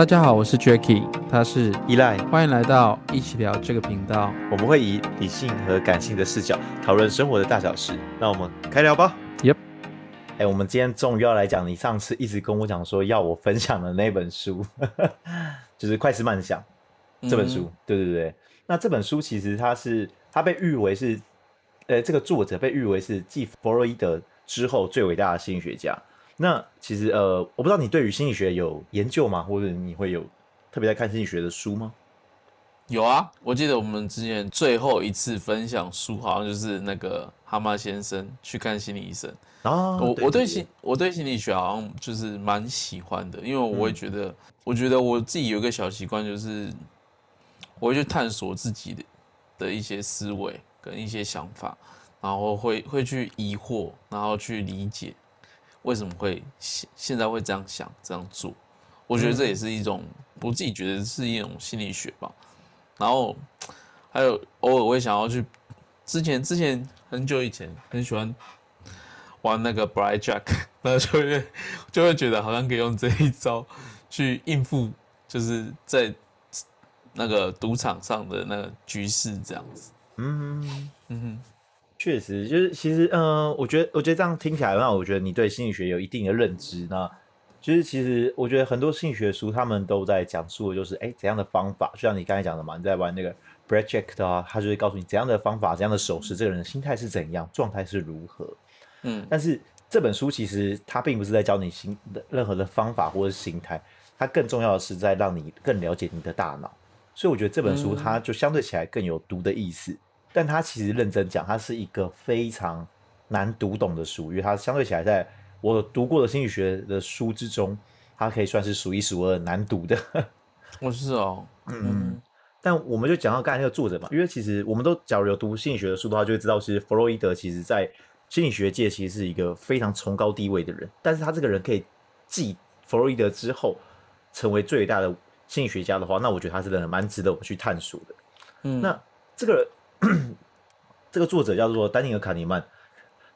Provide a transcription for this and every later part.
大家好，我是 Jacky 他是依賴，Eli, 歡迎來到一起聊這個頻道。我們會以理性和感性的視角討論生活的大小事，那我們開聊吧。Yep，哎、欸，我們今天終於要來講你上次一直跟我講說要我分享的那本書，呵呵就是《快思慢想》嗯這本書。對對對，那這本書其實它是，它被譽為是，呃，這個作者被譽為是繼弗洛伊德之後最偉大的心理學家。那其實呃，我不知道你對於心理學有研究嗎？或者你會有特別在看心理學的書嗎？有啊，我記得我們之前最後一次分享書好像就是那個蛤蟆先生去看心理醫生。啊，我我對心我對心理學好像就是蠻喜歡的，因為我會覺得，嗯，我覺得我自己有一個小習慣，就是我會去探索自己的的一些思維跟一些想法，然後會會去疑惑，然後去理解。為什麼會現現在會這樣想這樣做？我覺得這也是一種我自己覺得是一種心理學吧。然後還有偶爾我也想要去，之前之前很久以前很喜歡玩那個 Black Jack，那就會就會覺得好像可以用這一招去應付，就是在那個賭場上的那個局勢這樣子。嗯嗯嗯。確實，就是其實，嗯、呃，我覺得，我覺得這樣聽起來，那我覺得你對心理學有一定的認知呢。那就是其實，我覺得很多心理學書他們都在講述的就是，哎，怎樣的方法？就像你剛才講的嘛，你在玩那個 Project 啊，他就會告訴你怎樣的方法、怎樣的手勢、嗯，這個人心態是怎樣、狀態是如何。嗯，但是這本書其實它並不是在教你心任何的方法或者心態，它更重要的是在讓你更了解你的大腦。所以我覺得這本書它就相對起來更有讀的意思。嗯但他其實認真講，他是一個非常難讀懂的書，因為他相對起來，在我讀過的心理學的書之中，他可以算是數一數二難讀的。我是哦嗯，嗯。但我們就講到剛才那個作者嘛，因為其實我們都假如有讀心理學的書的話，就會知道，其實弗洛伊德其實在心理學界其實是一個非常崇高地位的人。但是他這個人可以繼弗洛伊德之後成為最大的心理學家的話，那我覺得他是真的蠻值得我們去探索的。嗯，那這個人。 這個作者叫做丹尼爾·卡尼曼，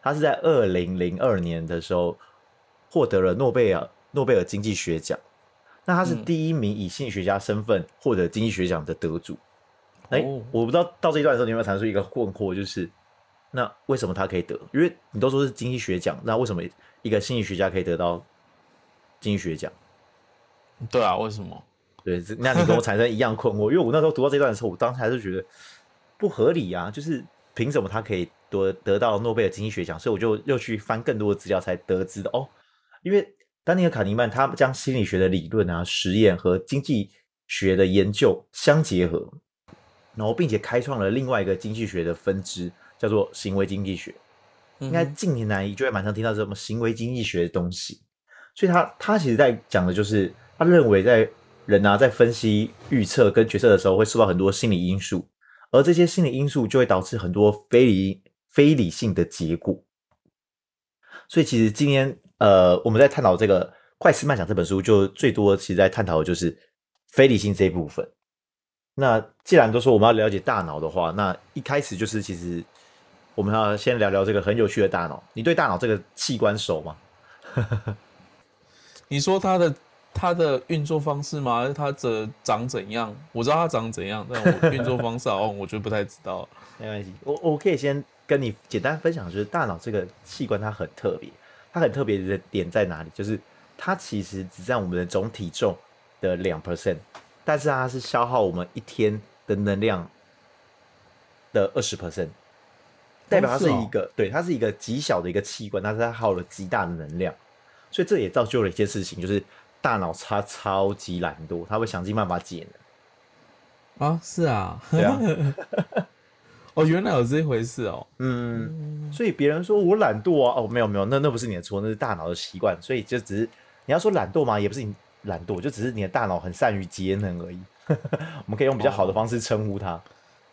他是在二零零二年的時候獲得了諾貝爾諾貝爾經濟學獎。那他是第一名以心理學家身份獲得經濟學獎的得主。哎、欸，我不知道到這一段的時候，你有沒有產生出一個困惑，就是那為什麼他可以得？因為你都說是經濟學獎，那為什麼一個心理學家可以得到經濟學獎？對啊，為什麼？對，那你跟我產生一樣困惑， 因為我那時候讀到這一段的時候，我當時還是覺得。不合理啊！就是憑什麼他可以得得到諾貝爾經濟學獎？所以我就又去翻更多的資料，才得知的哦。因為丹尼爾卡尼曼他將心理學的理論啊、實驗和經濟學的研究相結合，然後並且開創了另外一個經濟學的分支，叫做行為經濟學。應該近年來就會蠻常聽到什麼行為經濟學的東西。所以他他其實在講的就是，他認為在人啊在分析、預測跟決策的時候，會受到很多心理因素。而這些心理因素就會導致很多非理非理性的結果，所以其實今天呃我們在探討這個《快思慢想》這本書，就最多其實在探討的就是非理性這一部分。那既然都說我們要了解大腦的話，那一開始就是其實我們要先聊聊這個很有趣的大腦。你對大腦這個器官熟嗎？ 你說它的。它的運作方式嗎？還是它的長怎樣？我知道它長怎樣，但我運作方式好像，我就不太知道了。 沒關係，我我可以先跟你簡單分享，就是大腦這個器官它很特別，它很特別的點在哪裡？就是它其實只佔我們的總體重的兩 percent，但是它是消耗我們一天的能量的二十 percent，代表它是一個、啊、對，它是一個極小的一個器官，但是它耗了極大的能量，所以這也造就了一件事情，就是。大腦差超級懶惰，它會想盡辦法節能啊，是啊，對啊， 哦，原來有這一回事哦。嗯，所以別人說我懶惰啊，哦，沒有沒有，那那不是你的錯，那是大腦的習慣，所以就只是你要說懶惰嘛，也不是你懶惰，就只是你的大腦很善於節能而已。嗯、 我們可以用比較好的方式稱呼它、哦。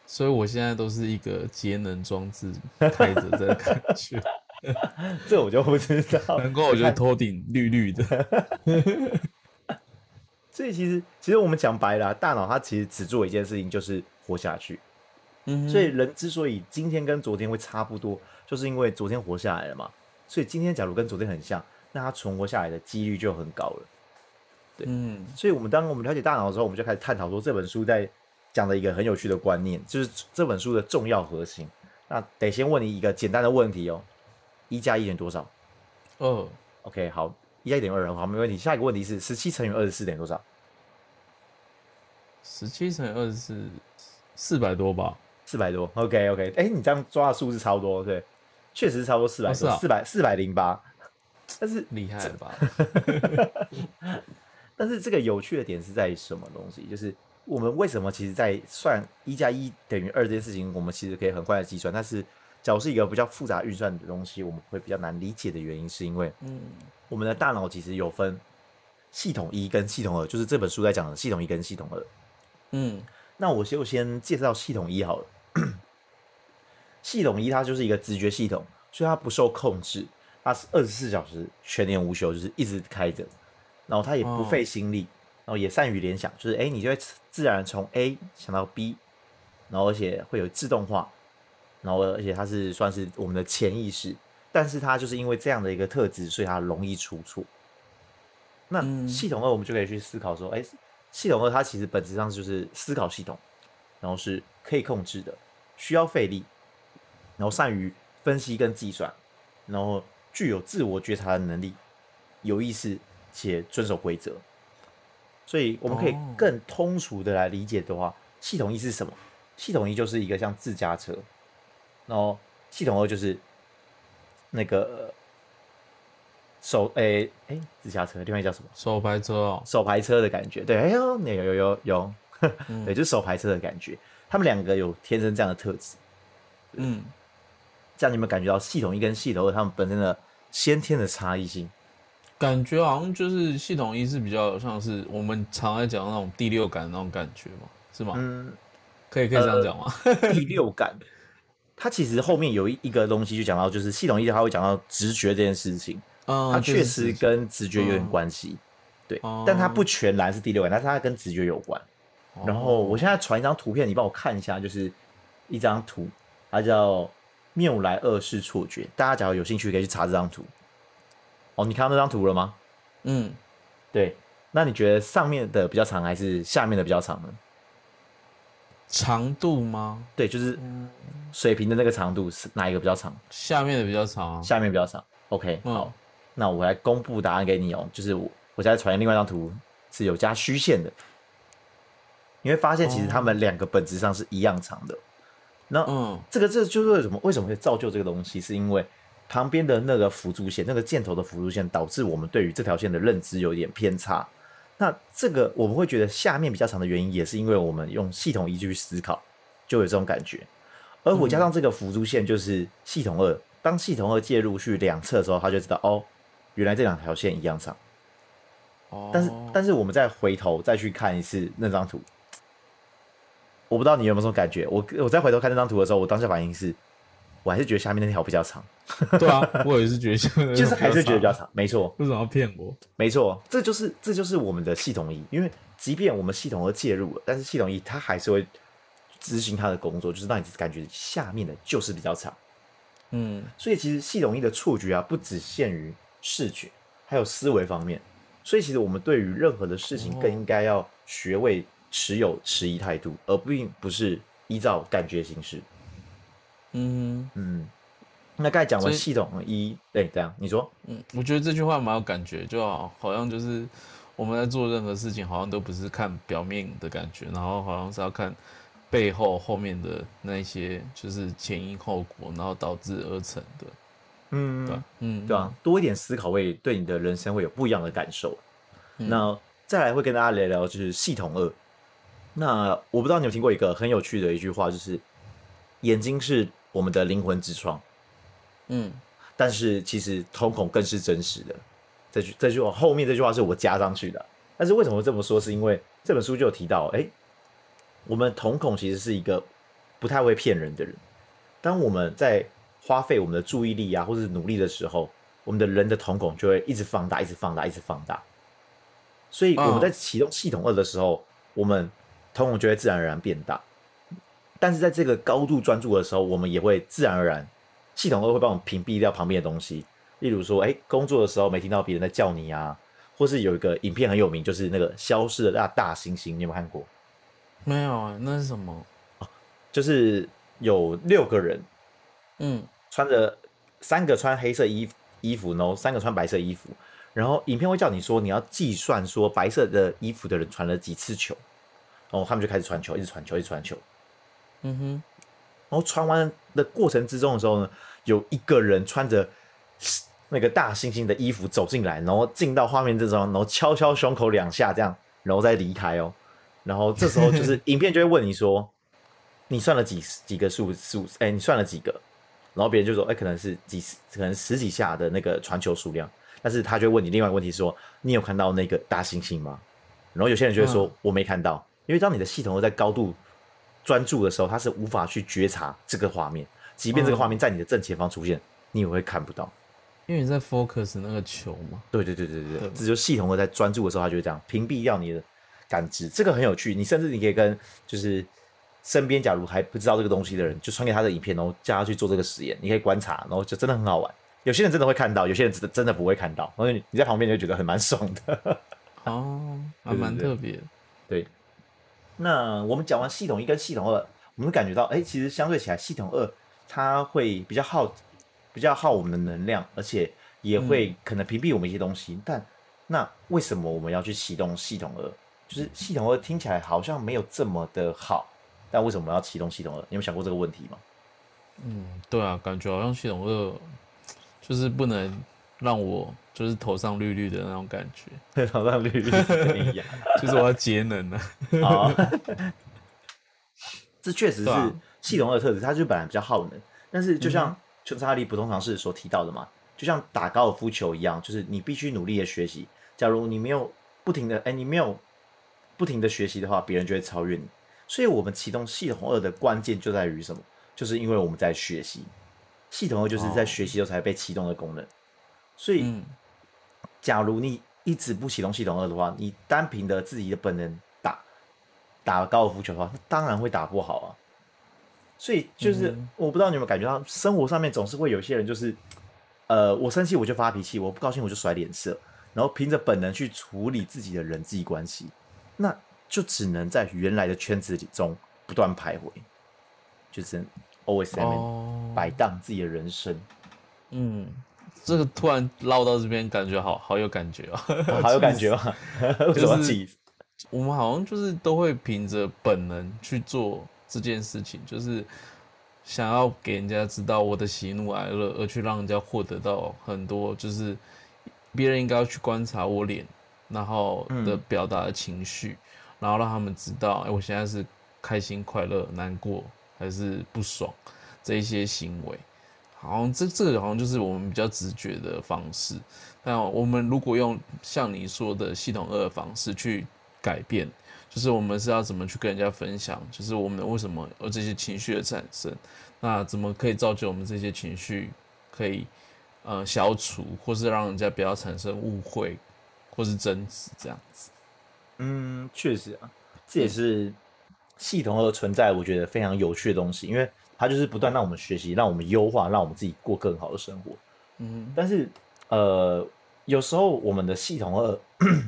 所以我現在都是一個節能裝置開着這個感覺。 這我就不知道。難怪我覺得頭頂綠綠的， 所以其實其實我們講白了、啊，大腦它其實只做一件事情，就是活下去、嗯。所以人之所以今天跟昨天會差不多，就是因為昨天活下來了嘛。所以今天假如跟昨天很像，那他存活下來的幾率就很高了。對，嗯，所以我們當我們了解大腦的時候，我們就開始探討說這本書在講的一個很有趣的觀念，就是這本書的重要核心。那得先問你一個簡單的問題哦。一加一等於多少？二、oh.。OK，好，一加一等於二，好，沒問題。下一個問題是：十七乘以二十四等於多少？十七乘以二十四，四百多吧？四百多。OK，OK、okay, okay. 欸。哎，你這樣抓的數字超多，對，確實是超多。四百多，四百四百零八。400, 408, 但是厲害了吧？ 但是這個有趣的點是在於什麼東西？就是我們為什麼其實在算一加一等於二這件事情，我們其實可以很快的計算，但是。假如是一個比較複雜運算的東西，我們會比較難理解的原因，是因為，嗯，我們的大腦其實有分系統一跟系統二，就是這本書在講的系統一跟系統二。嗯，那我就先介紹系統一好了。 系統一它就是一個直覺系統，所以它不受控制，它是二十四小時全年無休，就是一直開着，然後它也不費心力，哦、然後也善於聯想，就是哎，你就會自然從 A 想到 B，然後而且會有自動化。然後，而且它是算是我們的潛意識，但是它就是因為這樣的一個特質，所以它容易出錯。那系統二，我們就可以去思考說，哎，系統二它其實本質上就是思考系統，然後是可以控制的，需要費力，然後善於分析跟計算，然後具有自我覺察的能力，有意識且遵守規則。所以我們可以更通俗的來理解的話，Oh. 系統一是什麼？系統一就是一個像自駕車。然後系統二就是那個手誒誒，自行車另外叫什麼手排車哦，手排車的感覺，對，哎呦，那個有有有，有，有、嗯呵呵，對，就是手排車的感覺。他們兩個有天生這樣的特質，嗯，這樣你們感覺到系統一跟系統二他們本身的先天的差異性？感覺好像就是系統一是比較像是我們常在講的那種第六感的那種感覺嘛，是嗎？嗯，可以可以這樣講嗎？呃、 第六感。它其實後面有一一個東西就講到，就是系統一它會講到直覺這件事情，oh, 它確實跟直覺有點關係，oh, 對，但它不全然是第六感，oh. 但是它跟直覺有關。Oh. 然後我現在傳一張圖片，你幫我看一下，就是一張圖，它叫繆萊二氏錯覺，大家假如有興趣可以去查這張圖。哦、oh，你看到那張圖了嗎？嗯，對，那你覺得上面的比較長還是下面的比較長呢？長度嗎？對，就是水平的那個長度是哪一個比較長？下面的比較長，下面比較長。OK，哦、嗯，那我來公布答案給你哦、喔。就是我，我現在傳另外一張圖是有加虛線的，你會發現其實他們兩個本質上是一樣長的。哦、那嗯，這個這就是為什麼為什麼會造就這個東西，是因為旁邊的那個輔助線，那個箭頭的輔助線，導致我們對於這條線的認知有點偏差。那這個我們會覺得下面比較長的原因，也是因為我們用系統一去思考，就有這種感覺。而我加上這個輔助線，就是系統二。嗯。當系統二介入去兩側的時候，他就知道哦，原來這兩條線一樣長。哦。但是但是我們再回頭再去看一次那張圖，我不知道你有沒有這種感覺。我我再回頭看那張圖的時候，我當下反應是。我還是覺得下面那條比較長。對啊， 我也是覺得下面那條，就是還是覺得比較長。 沒錯。為什麼要騙我？沒錯，這就是這就是我們的系統一，因為即便我們系統都介入了，但是系統一它還是會執行它的工作，就是讓你感覺下面的就是比較長。嗯。所以其實系統一的觸覺啊，不只限於視覺，還有思維方面。所以其實我們對於任何的事情，更應該要學會持有遲疑態度，哦、而不並不是依照感覺行事。嗯嗯，那剛才講完系統一，對，這樣，你說嗯，我覺得這句話蠻有感覺，就好，好像就是我們在做任何事情，好像都不是看表面的感覺，然後好像是要看背後後面的那些，就是前因後果，然後導致而成的。嗯，對，嗯，對吧，啊？多一點思考會對你的人生會有不一樣的感受。嗯，那再來會跟大家聊聊，就是系統二。那我不知道你有聽過一個很有趣的一句話，就是眼睛是。我們的靈魂之窗，嗯，但是其實瞳孔更是真實的。這句這句話後面這句話是我加上去的。但是為什麼這麼說？是因為這本書就有提到，哎，我們瞳孔其實是一個不太會騙人的人。當我們在花費我們的注意力啊，或者是努力的時候，我們的人的瞳孔就會一直放大，一直放大，一直放大。所以我們在啟動系統二的時候，哦、我們瞳孔就會自然而然變大。但是在這個高度專注的時候，我們也會自然而然，系統都會幫我們屏蔽掉旁邊的東西。例如說，哎、欸，工作的時候沒聽到別人在叫你啊，或是有一個影片很有名，就是那個消失的大猩猩，你有沒有看過？沒有啊、欸？那是什麼？就是有六個人，嗯，穿着三個穿黑色衣服，衣服，然、no, 後三個穿白色衣服，然後影片會叫你說你要計算說白色的衣服的人傳了幾次球，然後他們就開始傳球，一直傳球，一直傳球。嗯哼，然後傳完的過程之中的時候呢，有一個人穿着那個大猩猩的衣服走進來，然後進到畫面之中，然後敲敲胸口兩下這樣，然後再離開哦。然後這時候就是影片就會問你說， 你算了幾幾個數數？哎，你算了幾個？然後別人就說，哎，可能是幾十，可能十幾下的那個傳球數量。但是他就會問你另外一個問題說，你有看到那個大猩猩嗎？然後有些人就會說，嗯，我沒看到，因為當你的系統在高度。專注的時候，他是無法去覺察這個畫面，即便這個畫面在你的正前方出現，哦，你也會看不到。因為你在 focus 那個球嘛。對對對對對，這、啊、就系統的在專注的時候，他就會這樣屏蔽掉你的感知。這個很有趣，你甚至你可以跟就是身邊假如還不知道這個東西的人，就傳給他的影片，然後叫他去做這個實驗，你可以觀察，然後就真的很好玩。有些人真的會看到，有些人真的真的不會看到，然後你在旁邊就覺得很蠻爽的。 哦，還、啊、蠻、啊、特別。對。那我們講完系統一跟系統二，我們會感覺到，哎，其實相對起來，系統二它會比較耗，比較耗我們的能量，而且也會可能屏蔽我們一些東西。嗯，但那為什麼我們要去啟動系統二？就是系統二聽起來好像沒有這麼的好，但為什麼要啟動系統二？你有，有想過這個問題嗎？嗯，對啊，感覺好像系統二就是不能。讓我就是頭上綠綠的那種感覺， 頭上綠綠， 就是我要節能了，啊。好、 oh.， 這確實是系統二的特質，它就本來比較耗能。嗯，但是就像窮查理普通常識所提到的嘛，嗯，就像打高爾夫球一樣，就是你必須努力的學習。假如你沒有不停的，哎，你沒有不停的學習的話，別人就會超越你。所以我們啟動系統二的關鍵就在於什麼？就是因為我們在學習，系統二就是在學習的時候，才被啟動的功能。Oh. 所以、嗯，假如你一直不啟動系統二的話，你單憑着自己的本能打打高爾夫球的話，那當然會打不好啊。所以，就是、嗯、我不知道你有沒有感覺到，生活上面總是會有些人就是，呃，我生氣我就發脾氣，我不高興我就甩臉色，然後憑着本能去處理自己的人際關係，那就只能在原來的圈子裡中不斷徘徊，就是 always 擺盪自己的人生，嗯。這個突然嘮到這邊，感覺好好有感覺啊，好有感覺啊、哦！覺哦、 就是、 就是、麼我們好像就是都會憑着本能去做這件事情，就是想要給人家知道我的喜怒哀樂，而去讓人家獲得到很多，就是別人應該要去觀察我臉，然後的表達的情緒，嗯、然後讓他們知道，哎，我現在是開心、快樂、難過還是不爽，這一些行為。好像，這這個好像就是我們比較直覺的方式。那、哦、我們如果用像你說的系統二的方式去改變，就是我們是要怎麼去跟人家分享？就是我們為什麼有這些情緒的產生？那怎麼可以造就我們這些情緒可以呃消除，或是讓人家不要產生誤會或是爭執這樣子？嗯，確實啊，這也是系統二的存在，我覺得非常有趣的東西，因為。他就是不斷讓我們學習、嗯，讓我們優化，讓我們自己過更好的生活。嗯，但是呃，有時候我們的系統二，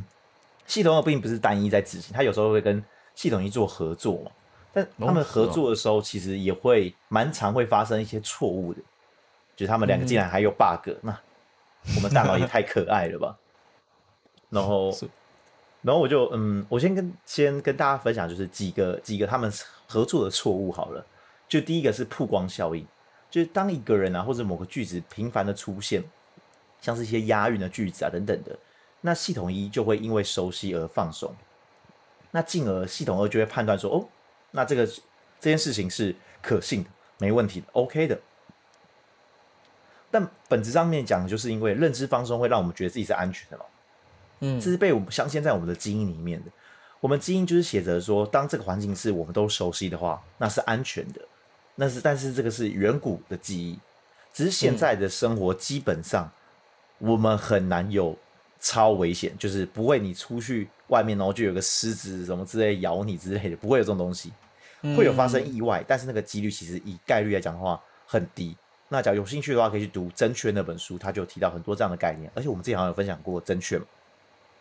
系統二並不是單一在執行，他有時候會跟系統一做合作嘛。但他們合作的時候，其實也會蠻常會發生一些錯誤的。就是、他們兩個竟然還有 bug，、嗯、那我們大腦也太可愛了吧。 然後是，然後我就嗯，我先跟先跟大家分享，就是幾個幾個他們合作的錯誤好了。就第一個是曝光效應，就是當一個人啊，或者某個句子頻繁的出現，像是一些押韻的句子啊等等的，那系統一就會因為熟悉而放鬆，那進而系統二就會判斷說，哦，那這個這件事情是可信的，沒問題的，OK 的。但本質上面講的，就是因為認知放鬆會讓我們覺得自己是安全的嘛，嗯，這是被我們鑲嵌在我們的基因裡面的，我們基因就是寫着說，當這個環境是我們都熟悉的話，那是安全的。那是，但是這個是遠古的記憶，只是現在的生活基本上，我們很難有超危險、嗯，就是不會你出去外面然後就有個獅子什麼之類的咬你之類的，不會有這種東西，嗯、會有發生意外，但是那個幾率其實以概率來講的話很低。那假如有興趣的話可以去讀《真確》那本書，它就提到很多這樣的概念，而且我們之前好像有分享過《真確》嘛，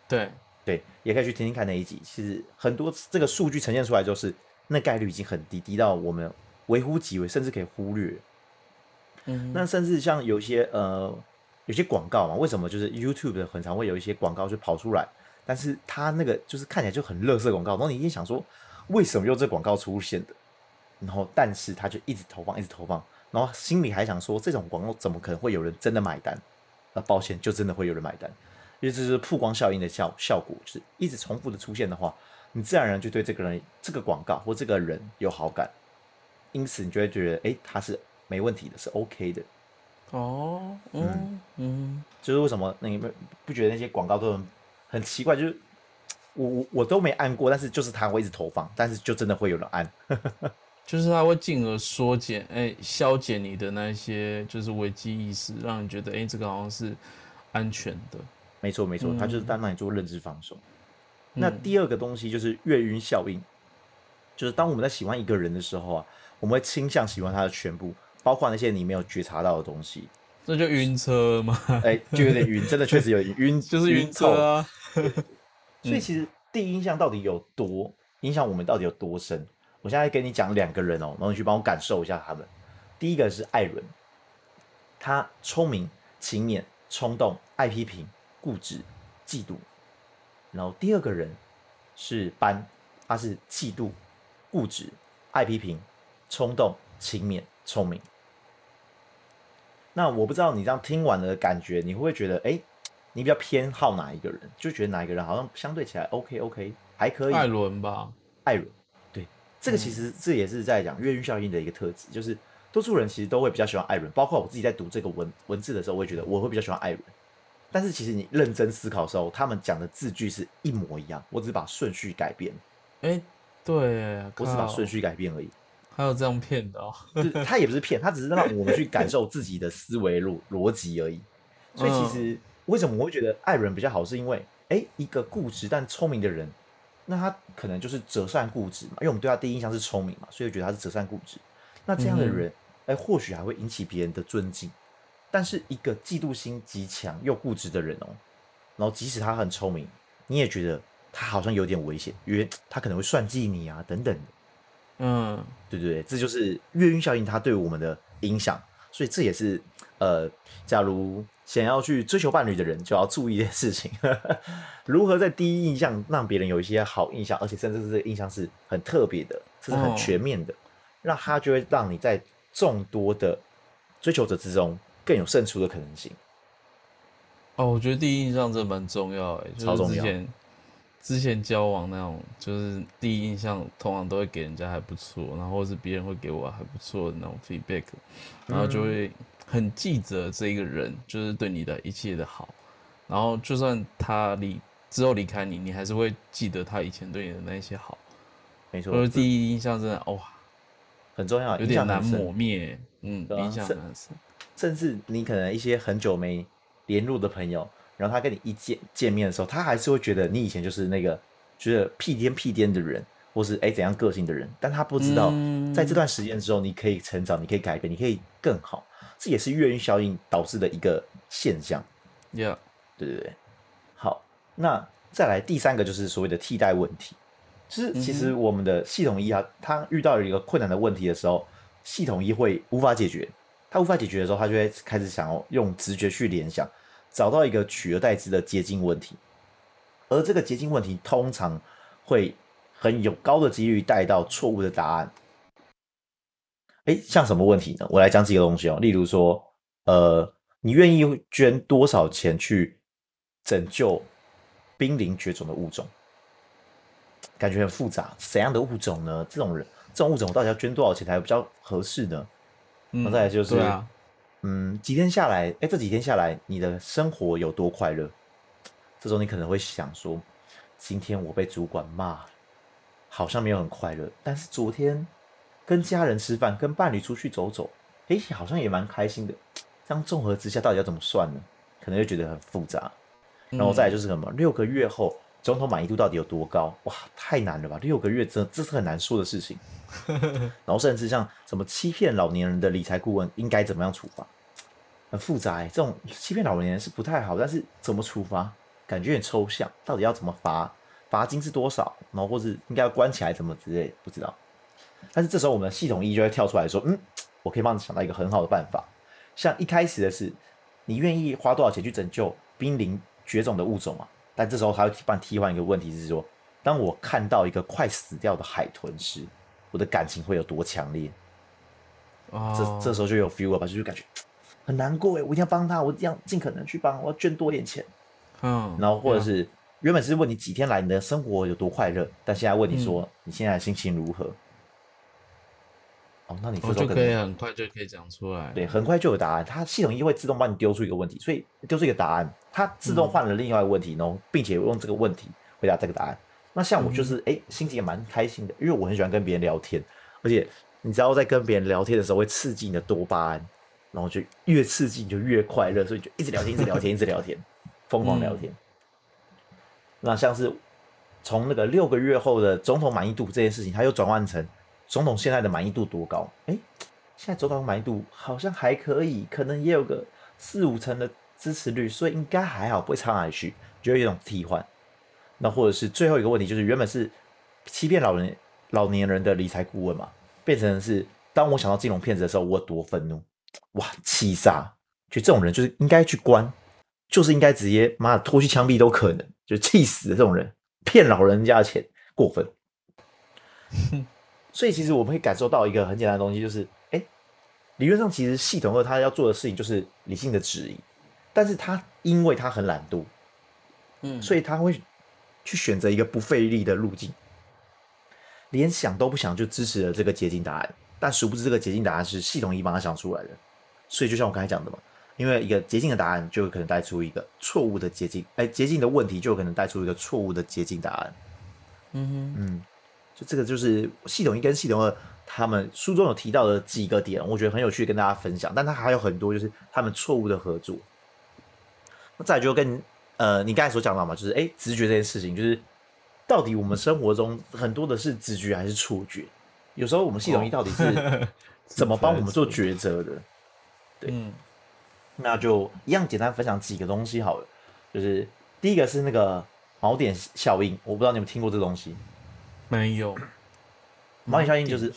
對對，也可以去聽聽看那一集。其實很多這個數據呈現出來就是那概率已經很低，低到我們。微乎其微，甚至可以忽略。嗯，那甚至像有些呃，有些廣告嘛，為什麼就是 YouTube 的很常會有一些廣告就跑出來，但是他那個就是看起來就很垃圾廣告，然後你一想說為什麼用這廣告出現的，然後但是他就一直投放，一直投放，然後心裡還想說這種廣告怎麼可能會有人真的買單？那抱歉，就真的會有人買單，因為這是曝光效應的效效果，就是一直重複的出現的話，你自然而然就對這個人、這個廣告或這個人有好感。因此，你就會覺得，哎，他是沒問題的，是 OK 的。哦，嗯嗯，就是為什麼，那你們不覺得那些廣告都很很奇怪？就是我我我都沒按過，但是就是他會一直投放，但是就真的會有人按。 就是他會進而縮減，哎，消減你的那些就是危機意識，讓你覺得，哎，這個好像是安全的。沒錯沒錯、嗯，他就是在那裡做認知防守。那第二個東西就是月暈效應。就是當我們在喜歡一個人的時候啊，我們會傾向喜歡他的全部，包括那些你沒有覺察到的東西。這就暈車嗎？哎、 欸，覺得暈，真的確實有暈， 就是暈車啊暈、嗯。所以其實第一印象到底有多影響我們，到底有多深？我現在給你講兩個人哦，然後你去幫我感受一下他們。第一個是艾倫，他聰明、勤勉、衝動、愛批評、固執、嫉妒。然後第二個人是班，他是嫉妒、固執、愛批評、衝動、勤勉、聰明。那我不知道你這樣聽完了的感覺，你會不會覺得，哎、欸，你比較偏好哪一個人？就覺得哪一個人好像相對起來 OK OK 還可以。艾倫吧，艾倫。對，這個其實這也是在講月暈效應的一個特質、嗯，就是多數人其實都會比較喜歡艾倫，包括我自己在讀這個文文字的時候，我也會覺得我會比較喜歡艾倫。但是其實你認真思考的時候，他們講的字句是一模一樣，我只是把順序改變。欸對，我只把順序改變而已。還有這樣騙的哦？哦他也不是騙，他只是讓我們去感受自己的思維邏 邏輯而已。所以其實、嗯、為什麼我會覺得艾倫比較好，是因為哎、欸，一個固執但聰明的人，那他可能就是擇善固執嘛，因為我們對他第一印象是聰明嘛，所以覺得他是擇善固執。那這樣的人，哎、嗯欸，或許還會引起別人的尊敬。但是一個嫉妒心極強又固執的人哦、喔，然後即使他很聰明，你也覺得。他好像有點危險，因為他可能會算計你啊，等等。嗯，對對，對，這就是月暈效應，它對我們的影響。所以這也是呃，假如想要去追求伴侶的人，就要注意的事情呵呵。如何在第一印象讓別人有一些好印象，而且甚至是印象是很特別的，是很全面的，那、哦、他就會讓你在眾多的追求者之中更有勝出的可能性。哦，我覺得第一印象真的蠻重要哎、欸就是，超重要。之前交往那種，就是第一印象通常都會給人家還不錯，然後是別人會給我還不錯的那種 feedback，然後就會很記得這一個人，就是對你的一切的好，然後就算他離之後離開你，你還是會記得他以前對你的那一些好。沒錯，因為第一印象真的哇，很重要，有點難磨滅欸。嗯，印象很深，甚至你可能一些很久沒聯絡的朋友。然後他跟你一見見面的時候，他還是會覺得你以前就是那個覺得屁顛屁顛的人，或是哎怎樣個性的人。但他不知道，在這段時間之後，你可以成長、嗯，你可以改變，你可以更好。這也是月暈效應導致的一個現象。Yeah，、嗯、對對對。好，那再來第三個就是所謂的替代問題，其、嗯就是其實我們的系統一啊，他遇到了一個困難的問題的時候，系統一會無法解決，他無法解決的時候，他就會開始想要用直覺去聯想。找到一個取而代之的捷徑問題，而這個捷徑問題通常會很有高的幾率帶到錯誤的答案。哎，像什麼問題呢？我來講幾個東西哦，例如說，呃，你願意捐多少錢去拯救瀕臨絕種的物種？感覺很複雜，怎樣的物種呢？這種人，這種物種，我到底要捐多少錢才比較合適呢？嗯，那再來就是。嗯，幾天下來，哎，這幾天下來，你的生活有多快樂？這時候你可能會想說，今天我被主管罵，好像沒有很快樂。但是昨天跟家人吃飯，跟伴侶出去走走，誒，好像也蠻開心的。這樣綜合之下，到底要怎麼算呢？可能就覺得很複雜。嗯、然後再來就是什麼，六個月後。總統滿意度到底有多高？哇，太難了吧！六個月真，這這是很難說的事情。然後甚至像什麼欺騙老年人的理財顧問，應該怎麼樣處罰？很複雜、欸，這種欺騙老年人是不太好，但是怎麼處罰？感覺有點抽象，到底要怎麼罰？罰金是多少？然後或是應該要關起來怎麼之類，不知道。但是這時候我們的系統一就會跳出來說，嗯，我可以幫你想到一個很好的辦法。像一開始的是，你願意花多少錢去拯救瀕臨絕種的物種啊？但這時候他要幫你替換一個問題是說，當我看到一個快死掉的海豚時，我的感情會有多強烈？Oh. 這這時候就有 feel 了吧？就是感覺很難過哎，我一定要幫他，我要盡可能去幫，我要捐多點錢。嗯、oh.，然後或者是、yeah. 原本是問你幾天來你的生活有多快樂，但現在問你說、嗯、你現在的心情如何？哦，那你我就可以很快就可以講出來，對，很快就有答案。它系統一會自動幫你丟出一個問題，所以丟出一個答案，它自動換了另外一個問題、嗯，然後並且用這個問題回答這個答案。那像我就是，哎、嗯嗯欸，心情也蠻開心的，因為我很喜歡跟別人聊天，而且你知道，在跟別人聊天的時候會刺激你的多巴胺，然後就越刺激你就越快樂，所以就一直聊天，一直聊天， 一直聊天，瘋狂聊天。嗯、那像是從那個六個月後的總統滿意度這件事情，它又轉換成。總統現在的滿意度多高？欸、現在總統滿意度好像還可以，可能也有個四五成的支持率，所以應該還好，不會差哪去。覺得有一種替換，那或者是最後一個問題，就是原本是欺騙老人、老年人的理財顧問嘛，變成是當我想到這種騙子的時候，我有多憤怒！哇，氣煞！就這種人就是應該去關，就是應該直接媽的拖去槍斃都可能，就氣死這種人騙老人家的錢，過分。 所以其實我們會感受到一個很簡單的東西，就是，哎，理論上其實系統二他要做的事情就是理性的質疑，但是他因為他很懶惰，嗯，所以他會去選擇一個不費力的路徑，連想都不想就支持了這個捷徑答案，但殊不知這個捷徑答案是系統一幫他想出來的，所以就像我剛才講的嘛，因為一個捷徑的答案就可能帶出一個錯誤的捷徑，哎，捷徑的問題就可能帶出一個錯誤的捷徑答案，嗯哼，嗯。這個就是系統一跟系統二，他們書中有提到的幾個點，我覺得很有趣的跟大家分享。但它還有很多，就是他們錯誤的合作。那再就跟呃，你剛才所講到嘛，就是哎，直覺這件事情，就是到底我們生活中很多的是直覺還是錯覺？有時候我們系統一到底是怎麼幫我們做抉擇的？對，那就一樣簡單分享幾個東西好了。就是第一個是那個錨點效應，我不知道你有，有聽過這東西。沒有，錨定效應就是，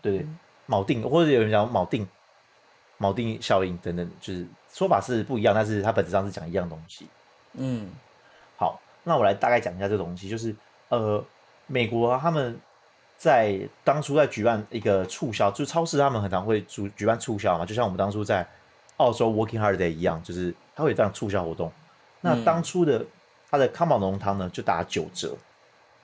對對，錨定或者有人講錨定，錨定效應等等，就是說法是不一樣，但是它本質上是講一樣東西。嗯，好，那我來大概講一下這東西，就是呃，美國他們在當初在舉辦一個促銷，嗯、就超市他們很常會舉舉辦促銷嘛，就像我們當初在澳洲 Working Holiday 一樣，就是他會這樣促銷活動。嗯、那當初的他的康寶濃湯呢，就打九折。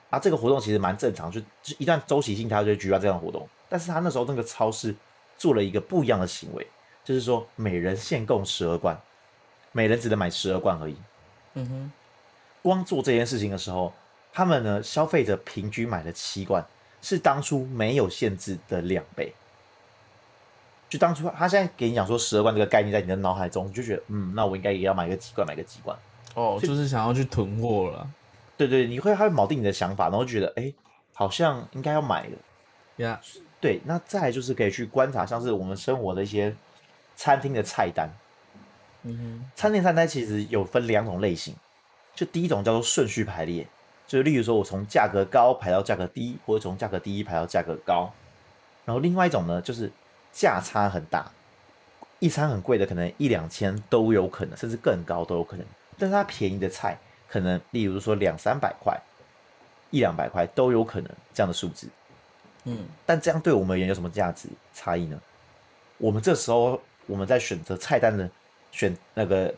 啊，這個活動其實蠻正常，就就一旦周期性，他就會舉辦這樣的活動。但是他那時候那個超市做了一個不一樣的行為，就是說每人限購十二罐，每人只能買十二罐而已。嗯哼，光做這件事情的時候，他們呢，消費者平均買了七罐，是當初沒有限制的兩倍。就當初他現在給你講說十二罐這個概念，在你的腦海中，你就覺得嗯，那我應該也要買個幾罐，買個幾罐。哦，就是想要去囤貨了。嗯對對，你會還會錨定你的想法，然後覺得哎，好像應該要買了。Yeah. 對，那再來就是可以去觀察，像是我們生活的一些餐廳的菜單。嗯哼，餐廳的菜單其實有分兩種類型，就第一種叫做順序排列，就例如說我從價格高排到價格低，或者從價格低排到價格高。然後另外一種呢，就是價差很大，一餐很貴的，可能一兩千都有可能，甚至更高都有可能。但是它便宜的菜，可能，例如說兩三百塊，一兩百塊都有可能這樣的數字，嗯，但這樣對我們而言有什麼價值差異呢？我們這時候我們在選擇菜單的選那個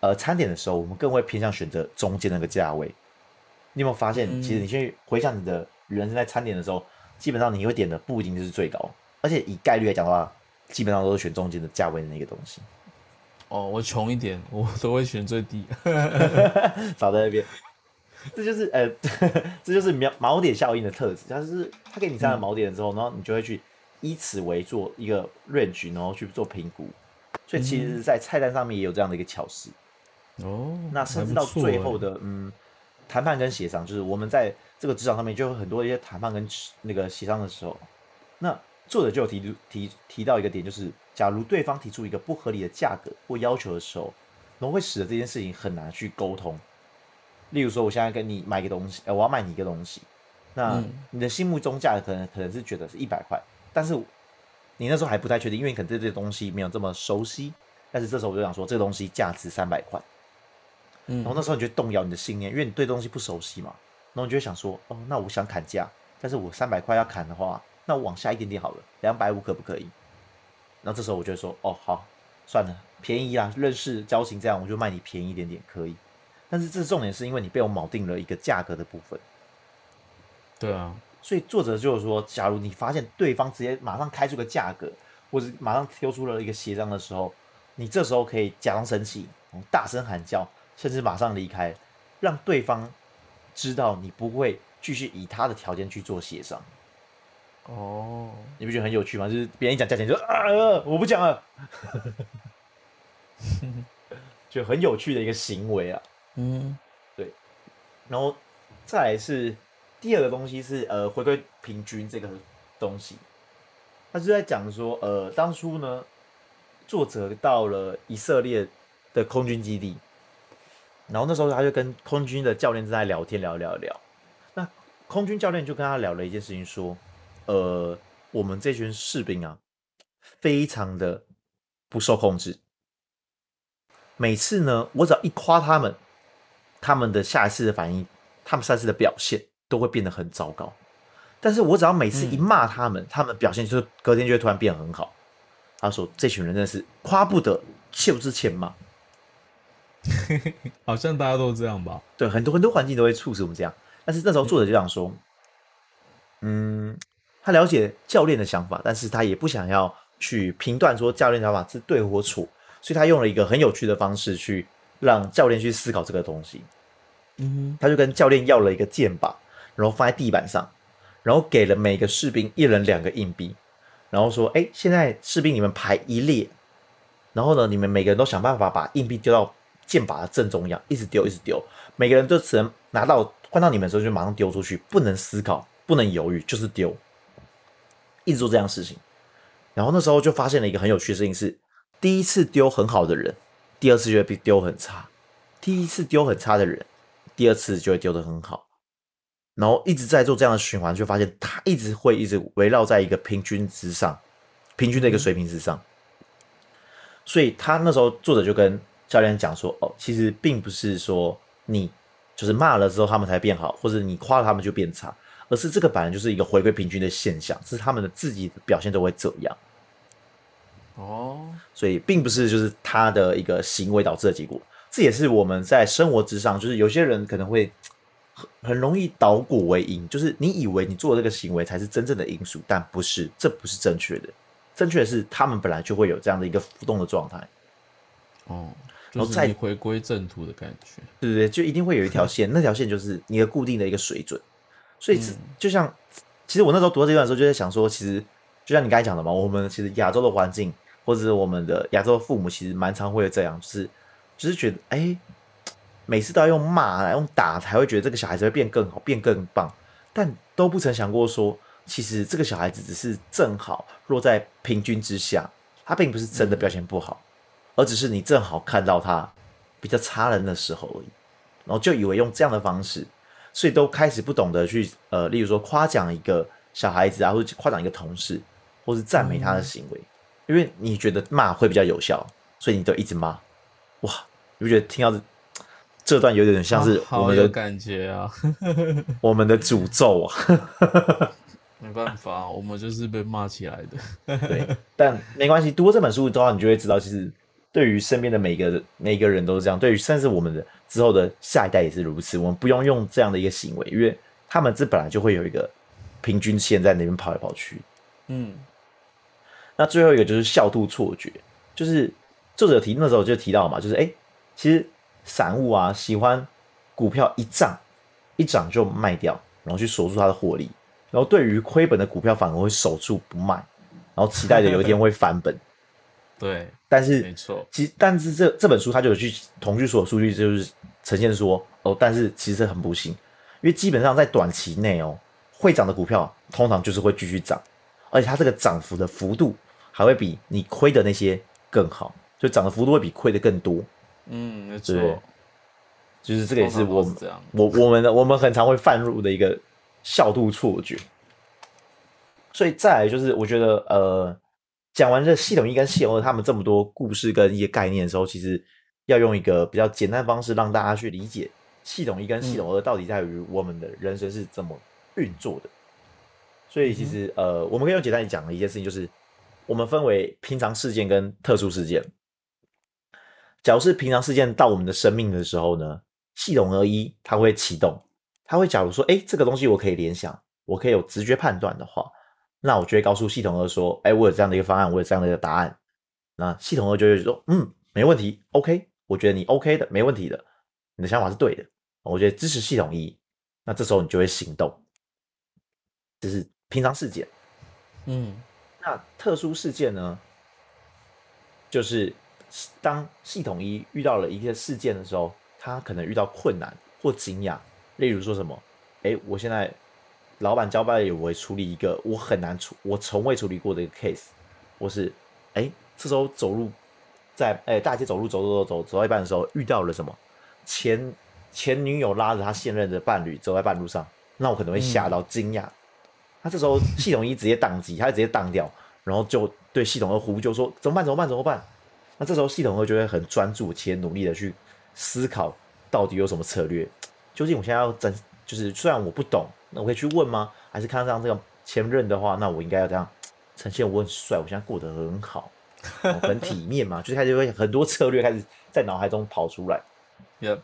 呃餐點的時候，我們更會偏向選擇中間那個價位。你有沒有發現？其實你去回想你的人生在餐點的時候，嗯，基本上你會點的不一定就是最高，而且以概率來講的話，基本上都是選中間的價位的那個東西。哦，我窮一點，我都會選最低，少 在 那邊。這就是呃，這就是錨錨點效應的特質。它就是他給你這樣的錨點之後、嗯，然後你就會去以此為做一個 range，然後去做評估。所以其實，在菜單上面也有這樣的一個巧思。哦，那甚至到最後的、欸、嗯，談判跟協商，就是我們在這個職場上面就有很多一些談判跟那個協商的時候，那。作者就有提提提到一個點，就是假如對方提出一個不合理的價格或要求的時候，然後會使得這件事情很難去溝通。例如說，我現在跟你買個東西，呃，我要賣你一個東西，那你的心目中價格可能可能是覺得是一百塊，但是你那時候還不太確定，因為你可能對這些、這個、東西沒有這麼熟悉。但是這時候我就想說，這個東西價值三百塊，然後那時候你就動搖你的信念，因為你對東西不熟悉嘛，然後你就會想說，哦，那我想砍價，但是我三百塊要砍的話。那往下一點點好了，兩百五可不可以？那這時候我就說，哦，好，算了，便宜啦，認識交情這樣，我就賣你便宜一點點可以。但是這重點，是因為你被我錨定了一個價格的部分。對啊，所以作者就是說，假如你發現對方直接馬上開出個價格，或者馬上挑出了一個協商的時候，你這時候可以假裝生氣，大聲喊叫，甚至馬上離開，讓對方知道你不會繼續以他的條件去做協商。哦，你不覺得很有趣嗎？就是別人一講價錢就，就啊，我不講了， 就很有趣的一個行為啊。嗯，對。然後再來是第二個東西是呃回歸平均這個東西，他是在講說呃當初呢，作者到了以色列的空軍基地，然後那時候他就跟空軍的教練正在聊天，聊一聊一聊。那空軍教練就跟他聊了一件事情，說。呃，我們這群士兵啊，非常的不受控制。每次呢，我只要一誇他們，他們的下一次的反應，他們下一次的表現都會變得很糟糕。但是我只要每次一罵他們，嗯、他們表現就是隔天就會突然變得很好。他說：“這群人真的是誇不得切不切，就是欠罵嘛。”好像大家都這樣吧？對，很多很多環境都會促使我們這樣。但是那時候作者就想說，嗯。嗯他了解教練的想法，但是他也不想要去評斷說教練的想法是對或錯，所以他用了一個很有趣的方式去讓教練去思考這個東西。嗯，他就跟教練要了一個箭靶，然後放在地板上，然後給了每個士兵一人兩個硬幣，然後說：“哎，現在士兵你們排一列，然後呢，你們每個人都想辦法把硬幣丟到箭靶的正中央，一直丟，一直丟。一直丟，每個人都只能拿到，換到你們的時候就馬上丟出去，不能思考，不能猶豫，就是丟。”一直做這樣的事情，然後那時候就發現了一個很有趣的事情是：是第一次丟很好的人，第二次就會被丟很差；第一次丟很差的人，第二次就會丟的很好。然後一直在做這樣的循環，就發現他一直會一直圍繞在一個平均值上，平均的一個水平之上。嗯。所以他那時候作者就跟教練講說：“哦，其實並不是說你就是罵了之後他們才變好，或者你誇了他們就變差。”而是這個本來就是一個回歸平均的現象，是他們的自己的表現都會這樣。哦、oh.，所以並不是就是他的一個行為導致的結果。這也是我們在生活之上，就是有些人可能會很很容易倒果為因，就是你以為你做這個行為才是真正的因素，但不是，這不是正確的。正確的是，他們本來就會有這樣的一個浮動的狀態。哦，然後再回歸正途的感覺，對對對，就一定會有一條線， 那條線就是你的固定的一個水準。所以，就像、嗯，其實我那時候讀到這段的時候，就在想說，其實就像你剛才講的嘛，我們其實亞洲的環境，或者是我們的亞洲父母，其實蠻常會這樣，就是，只、就是覺得，哎，每次都要用罵來用打才會覺得這個小孩子會變更好，變更棒，但都不曾想過說，其實這個小孩子只是正好落在平均之下，他並不是真的表現不好，嗯，而只是你正好看到他比較差人的時候而已，然後就以為用這樣的方式。所以都開始不懂得去呃，例如說誇獎一個小孩子啊，或者誇獎一個同事，或是讚美他的行為，嗯、因為你覺得罵會比較有效，所以你都一直罵。哇，你不覺得聽到這段有點像是我們的、啊、好有感覺啊？ 我們的詛咒啊？ 沒辦法，我們就是被罵起來的。 對，但沒關係，讀過這本書的話，你就會知道其實。對於身邊的每一個每一個人都是這樣，對於甚至我們的之後的下一代也是如此。我們不用用這樣的一個行為，因為他們這本來就會有一個平均線在那邊跑來跑去。嗯，那最後一個就是效度錯覺，就是作者提那時候就提到了嘛，就是哎、欸，其實散戶啊喜歡股票一漲一漲就賣掉，然後去鎖住他的獲利，然後對於虧本的股票反而會守住不賣，然後期待着有一天會翻本，嗯。對。對但是，沒錯。其實，但是這這本書它就有去統計所有數據，就是呈現說，哦，但是其實這很不幸，因為基本上在短期內哦，會漲的股票通常就是會繼續漲，而且它這個漲幅的幅度還會比你虧的那些更好，就漲的幅度會比虧的更多。嗯，沒錯。是就是這個也是我們，我我們的我們很常會犯入的一個效度錯覺。所以再來就是，我覺得呃。講完這系統一跟系統二，他們這麼多故事跟一些概念的時候，其實要用一個比較簡單的方式讓大家去理解系統一跟系統二到底在於我們的人生是怎麼運作的。嗯。所以其實呃，我們可以用簡單講的一件事情就是，我們分為平常事件跟特殊事件。假如是平常事件到我們的生命的時候呢，系統二一它會啟動，它會假如說，誒，這個東西我可以聯想，我可以有直覺判斷的話。那我就會告訴系統二說：“哎，我有這樣的一個方案，我有這樣的一個答案。”那系統二就會說：“嗯，沒問題，OK，我覺得你 OK 的，沒問題的，你的想法是對的，我覺得支持系統一。”那這時候你就會行動，這是平常事件。嗯，那特殊事件呢？就是當系統一遇到了一些事件的時候，他可能遇到困難或驚訝，例如說什麼：“哎，我現在。”老闆交代我會處理一個我很難處，我從未處理過的一個 case。我是，哎，這時候走路，在哎大街走路走走走走走到一半的時候遇到了什麼？前前女友拉着他現任的伴侶走在半路上，那我可能會嚇到驚訝。那、嗯、這時候系統一直接宕機，他就直接宕掉，然後就對系統二呼救說：“怎麼辦？怎麼辦？怎麼辦？”那這時候系統二就會很專注且努力的去思考到底有什麼策略。究竟我現在要怎？就是雖然我不懂。那我可以去問嗎？還是看上這個前任的話，那我應該要這樣呈現我很帥，我現在過得很好，很體面嘛？ 就是開始會很多策略開始在腦海中跑出來。Yeah.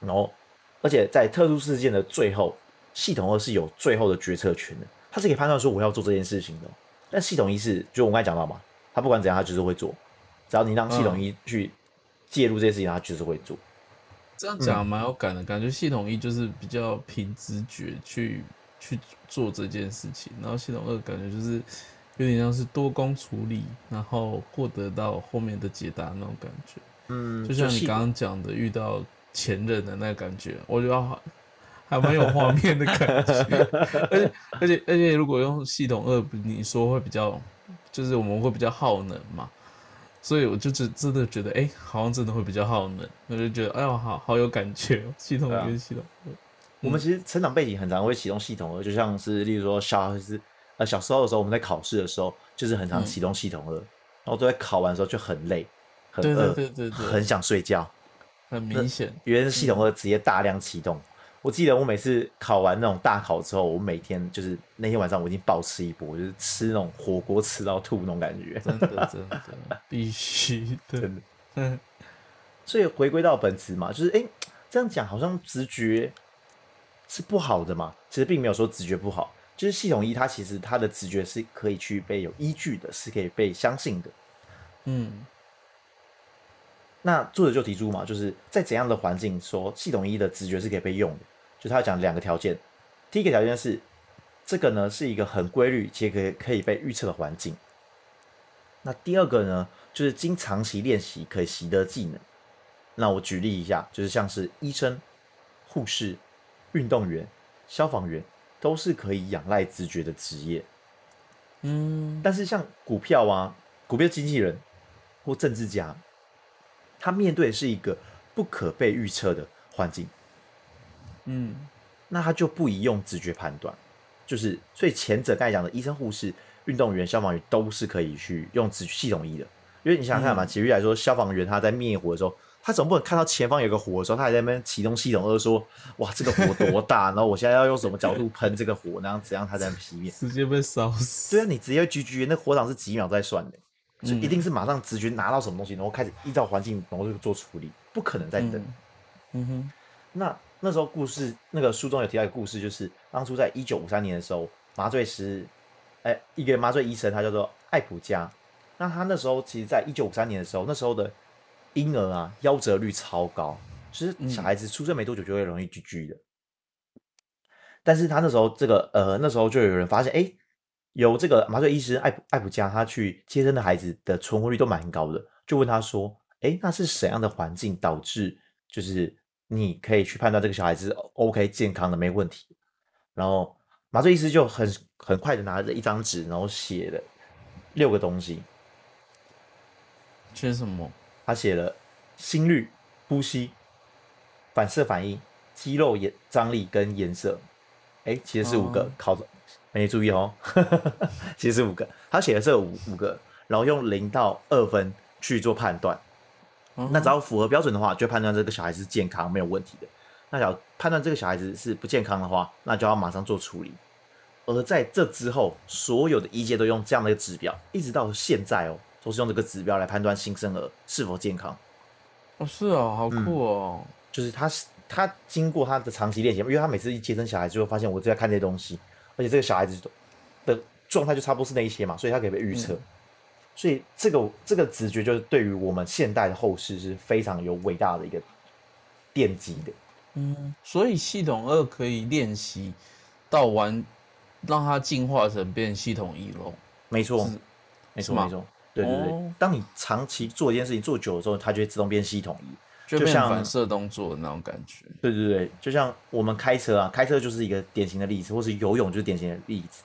然後而且在特殊事件的最後，系統二是有最後的決策權的，它是可以判斷說我要做這件事情的。但系統一是就我剛才講到嘛，他不管怎樣他就是會做，只要你讓系統一去介入這件事情，他、oh. 就是會做。這樣講蠻有感的，感覺，嗯，系統一就是比較憑直覺去去做這件事情，然後系統二感覺就是有點像是多工處理，然後獲得到後面的解答那種感覺。嗯，就像你剛剛講的，遇到前任的那個感覺，我覺得還，還蠻有畫面的感覺。而且而且而且，而且如果用系統二，你說會比較，就是我們會比較耗能嘛？所以我就真真的覺得，哎、欸，好像真的會比較好呢。我就覺得，哎喲，好好有感覺，系統跟系統、啊嗯。我們其實成長背景很常會啟動系統二，就像是例如說小孩子，呃，小時候的時候我們在考試的時候，就是很常啟動系統二的、嗯、然後都在考完的時候就很累，很餓，很想睡覺，很明顯，原來是系統二會直接大量啟動。我記得我每次考完那種大考之後，我每天就是那天晚上我已經暴吃一波，就是吃那種火鍋吃到吐那種感覺， 真的真的必須真的，須對真的、嗯。所以回歸到本質嘛，就是哎、欸，這樣講好像直覺是不好的嘛，其實並沒有說直覺不好，就是系統一它其實它的直覺是可以去被有依據的，是可以被相信的，嗯。那作者就提出嘛，就是在怎樣的環境，說系統一的直覺是可以被用的。就是、他要講兩個條件，第一個條件是這個呢是一個很規律且可以可以被預測的環境。那第二個呢，就是經長期練習可以習得技能。那我舉例一下，就是像是醫生、護士、運動員、消防員，都是可以仰賴直覺的職業。嗯，但是像股票啊，股票經紀人或政治家。他面對的是一個不可被預測的環境，嗯，那他就不宜用直覺判斷，就是所以前者剛才講的醫生、護士、運動員、消防員都是可以去用直覺系統一的，因為你想想看嘛，嗯、其實來說，消防員他在滅火的時候，他總不能看到前方有個火的時候，他還在那邊啟動系統二說，哇這個火多大， 然後我現在要用什麼角度噴這個火，然後怎樣它才能熄滅？直接被燒死。對啊，你直接狙擊那火場是幾秒在算的。就一定是馬上直覺拿到什麼東西，然後開始依照環境，然後就做處理，不可能再等。嗯，嗯哼。那那時候故事，那個書中有提到一個故事，就是當初在一九五三年的時候，麻醉師，哎、欸，一個麻醉醫生，他叫做艾普加。那他那時候其實，在一九五三年的時候，那時候的嬰兒啊，夭折率超高，其、就、實、是、小孩子出生沒多久就會容易 GG 的、嗯。但是他那時候這個，呃，那時候就有人發現，哎、欸。由這個麻醉醫師艾普艾普加他去接生的孩子的存活率都蠻高的，就問他說：“哎、欸，那是怎樣的環境導致，就是你可以去判斷這個小孩子 OK 健康的沒問題？”然後麻醉醫師就很很快的拿着一張紙，然後寫了六個東西，缺什麼？他寫了心率、呼吸、反射反應、肌肉眼張力跟顏色。哎、欸，其實是五個、oh. 考著。沒注意哦呵呵呵，其實是五個，他寫的是五五個，然後用零到二分去做判斷、嗯，那只要符合標準的話，就判斷這個小孩是健康沒有問題的。那要判斷這個小孩子是不健康的話，那就要馬上做處理。而在這之後，所有的醫界都用這樣的一個指標，一直到現在哦，都是用這個指標來判斷新生兒是否健康。哦，是哦，好酷哦！嗯、就是他，他經過他的長期練習，因為他每次一接生小孩就會發現，我正在看這些東西。而且這個小孩子的狀態就差不多是那一些嘛，所以他可以被預測。嗯、所以這個這個直覺就是對於我們現代的後世是非常有偉大的一個奠基的。嗯，所以系統二可以練習到完，讓它進化成變系統一咯。沒錯，沒錯，沒錯，對對對、哦。當你長期做一件事情做久的時候，它就會自動變系統一。就，的，就像反射動作那種感覺，對對對，就像我們開車啊，開車就是一個典型的例子，或是游泳就是典型的例子。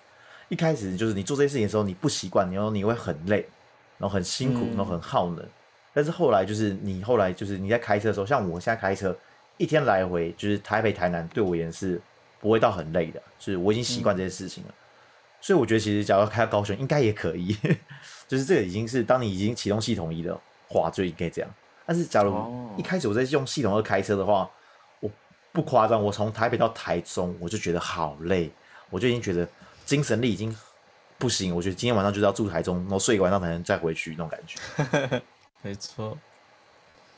一開始就是你做這些事情的時候，你不習慣，然後你會很累，然後很辛苦，嗯、然後很耗能。但是後來就是你後來就是你在開車的時候，像我現在開車，一天來回就是台北台南，對我而言是不會到很累的，就是我已經習慣這些事情了、嗯。所以我覺得其實假如要開到高雄應該也可以， 就是這個已經是當你已經啟動系統一的話，就應該這樣。但是，假如一開始我在用系統二開車的話，我不誇張，我從台北到台中，我就覺得好累，我就已經覺得精神力已經不行。我覺得今天晚上就是要住台中，然後睡一晚上才能再回去那種感覺。 沒錯。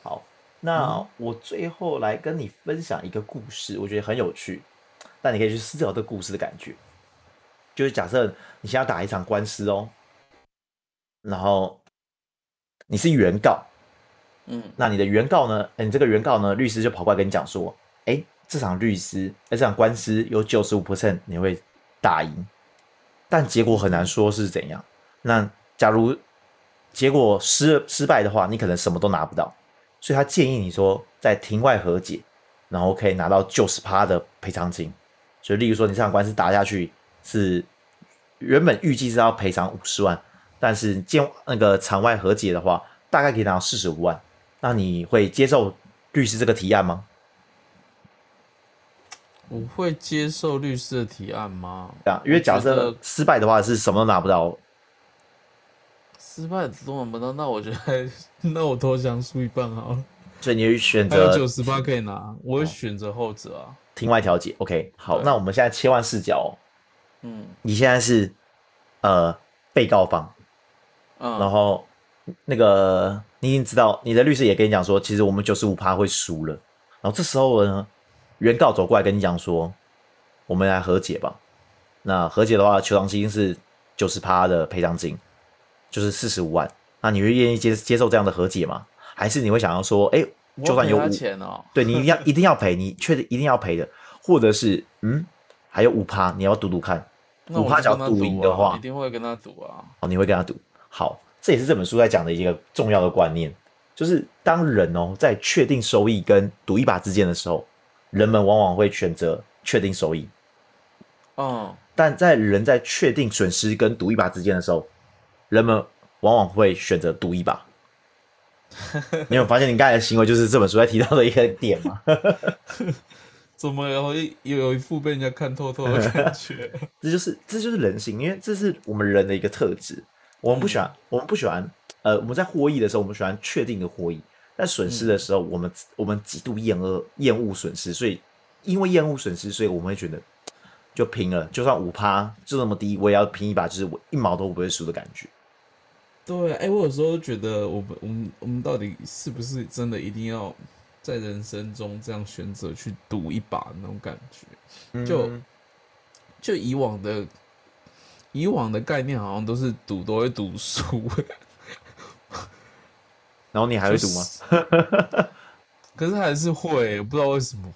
好，那我最後來跟你分享一個故事，我覺得很有趣。但你可以去思考這個故事的感覺，就是假設你現在要打一場官司哦，然後你是原告。嗯，那你的原告呢、欸？你這個原告呢？律師就跑過來跟你講說：“哎、欸，這場律師，這場官司有九十五 percent 你會打贏，但結果很難說是怎樣。那假如結果失失敗的話，你可能什麼都拿不到。所以他建議你說在庭外和解，然後可以拿到九十趴的賠償金。所以，例如說你這場官司打下去是原本預計是要賠償五十萬，但是見那個場外和解的話，大概可以拿到四十五萬。”那你會接受律師這個提案嗎？我會接受律師的提案嗎？對啊，因為假設失敗的話是什麼都拿不到。失敗都拿不到。那我覺得那我投降輸一半好了。所以你會選擇九十八可以拿，我會選擇後者啊。庭外調解，OK，好。那我們現在切換視角。嗯，你現在是呃被告方，嗯，然後那個。你已經知道，你的律師也跟你講說，其實我們九十五趴會輸了。然後這時候呢，原告走過來跟你講說：“我們來和解吧。”那和解的話，求償金是九十趴的賠償金，就是四十五萬。那你會願意接接受這樣的和解嗎？還是你會想要說：“哎、欸，就算有五、哦，對你一定要一定要賠，你確實一定要賠的。 ”或者是嗯，還有五趴，你要賭賭看。五趴，只要賭贏的話，一定會跟他賭啊、哦。你會跟他賭，好。這也是這本書在講的一個重要的觀念，就是當人哦在確定收益跟賭一把之間的時候，人們往往會選擇確定收益。哦，但在人在確定損失跟賭一把之間的時候，人們往往會選擇賭一把。你有沒 有發現你剛才的行為就是這本書在提到的一個點嗎？ 怎麼又又有一副被人家看透透的感覺？ 這就是這就是人性，因為這是我們人的一個特質。我們不喜歡、嗯，我們不喜歡，呃，我們在獲益的時候，我們喜歡確定的獲益；在損失的時候我、嗯，我們我們極度厭惡厭惡損失，所以因為厭惡損失，所以我們會覺得就拼了，就算五趴就那麼低，我也要拼一把，就是我一毛都不會輸的感覺。對，哎、欸，我有時候覺得我，我們我們我們到底是不是真的一定要在人生中這樣選擇去賭一把那種感覺？嗯、就就以往的。以往的概念好像都是賭都會賭輸，然後你還會賭嗎？就是，可是還是會，我不知道為什麼，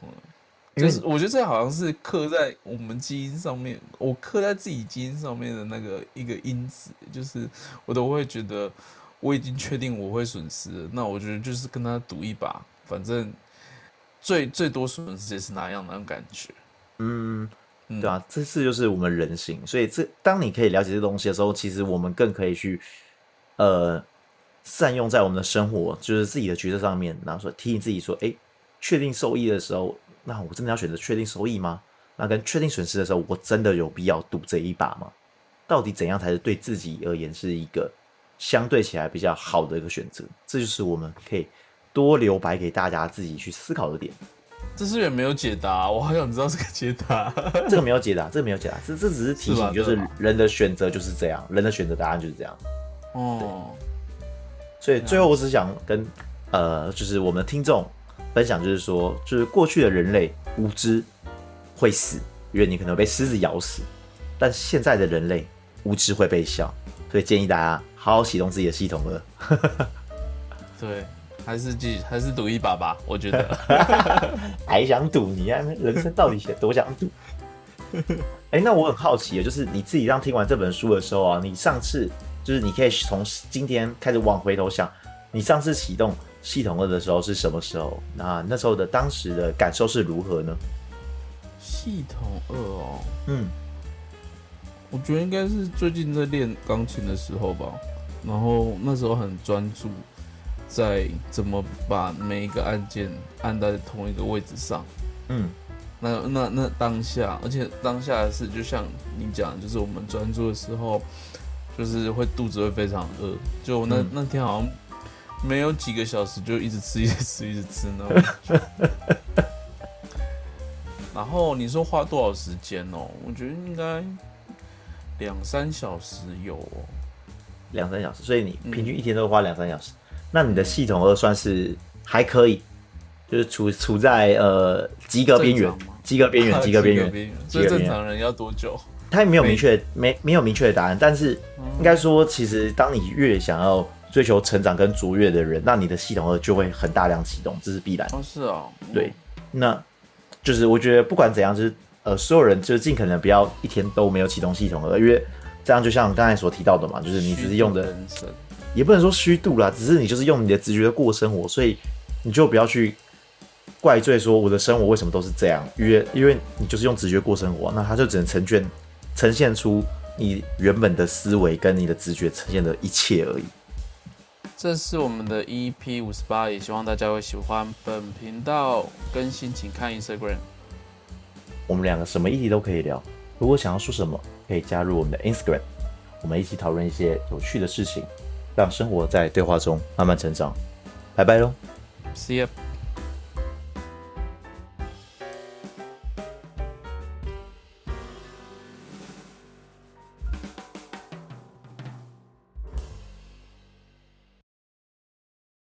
就是我覺得這好像是刻在我們基因上面，我刻在自己基因上面的那個一個因子，就是我都會覺得我已經確定我會損失了，那我覺得就是跟他賭一把，反正最最多損失也是那樣那種感覺，嗯。對啊，這次就是我們人性，所以這當你可以了解這東西的時候，其實我們更可以去，呃，善用在我們的生活，就是自己的角色上面。然後說提醒自己說，哎，確定收益的時候，那我真的要選擇確定收益嗎？那跟確定損失的時候，我真的有必要賭這一把嗎？到底怎樣才是對自己而言是一個相對起來比較好的一個選擇？這就是我們可以多留白給大家自己去思考的點。這是員沒有解答，我好想知道這個解答。 這個沒有解答，這個沒有解答，這這只是提醒，就是人的選擇就是這樣，人的選擇答案就是這樣。哦。所以最後我只想跟、哎、呃，就是我們的聽眾分享，就是說，就是過去的人類無知會死，因為你可能被獅子咬死；但是現在的人類無知會被笑，所以建議大家好好啟動自己的系統了。 對。還是繼續，還是賭一把吧？我覺得， 還想賭你、啊、人生到底想多想賭？哎、 欸，那我很好奇啊，就是你自己當聽完這本書的時候啊，你上次就是你可以從今天開始往回頭想，你上次啟動系統二的時候是什麼時候？那那時候的當時的感受是如何呢？系統二哦，嗯，我覺得應該是最近在練鋼琴的時候吧，然後那時候很專注。在怎麼把每一個按鍵按在同一個位置上？嗯，那那那當下，而且當下的事就像你講，就是我們專注的時候，就是會肚子會非常餓。就那、嗯、那天好像沒有幾個小時，就一直吃，一直吃，一直吃，一直吃，然後 然後你說花多少時間哦、喔？我覺得應該兩三小時有、喔。兩三小時，所以你平均一天都花兩三小時。嗯。那你的系統二算是還可以，就是處處在呃及格邊緣，及格邊緣，及格邊緣。 所以正常人要多久？他也沒有明確沒沒，沒有明確的答案，但是應該說，其實當你越想要追求成長跟卓越的人，那你的系統二就會很大量啟動，這是必然。哦，是哦、喔。對，那就是我覺得不管怎樣，就是呃所有人就是盡可能不要一天都沒有啟動系統二，因為這樣就像剛才所提到的嘛，就是你只是用的也不能說虛度啦，只是你就是用你的直覺的過生活，所以你就不要去怪罪說我的生活為什麼都是這樣約，因為你就是用直覺過生活，那它就只能呈現、呈現出你原本的思維跟你的直覺呈現的一切而已。這是我們的 EP 五十八，也希望大家會喜歡本頻道更新，請看 Instagram。我們兩個什麼議題都可以聊，如果想要說什麼，可以加入我們的 Instagram，我們一起討論一些有趣的事情。讓生活在對話中慢慢成長，拜拜嘍，See you.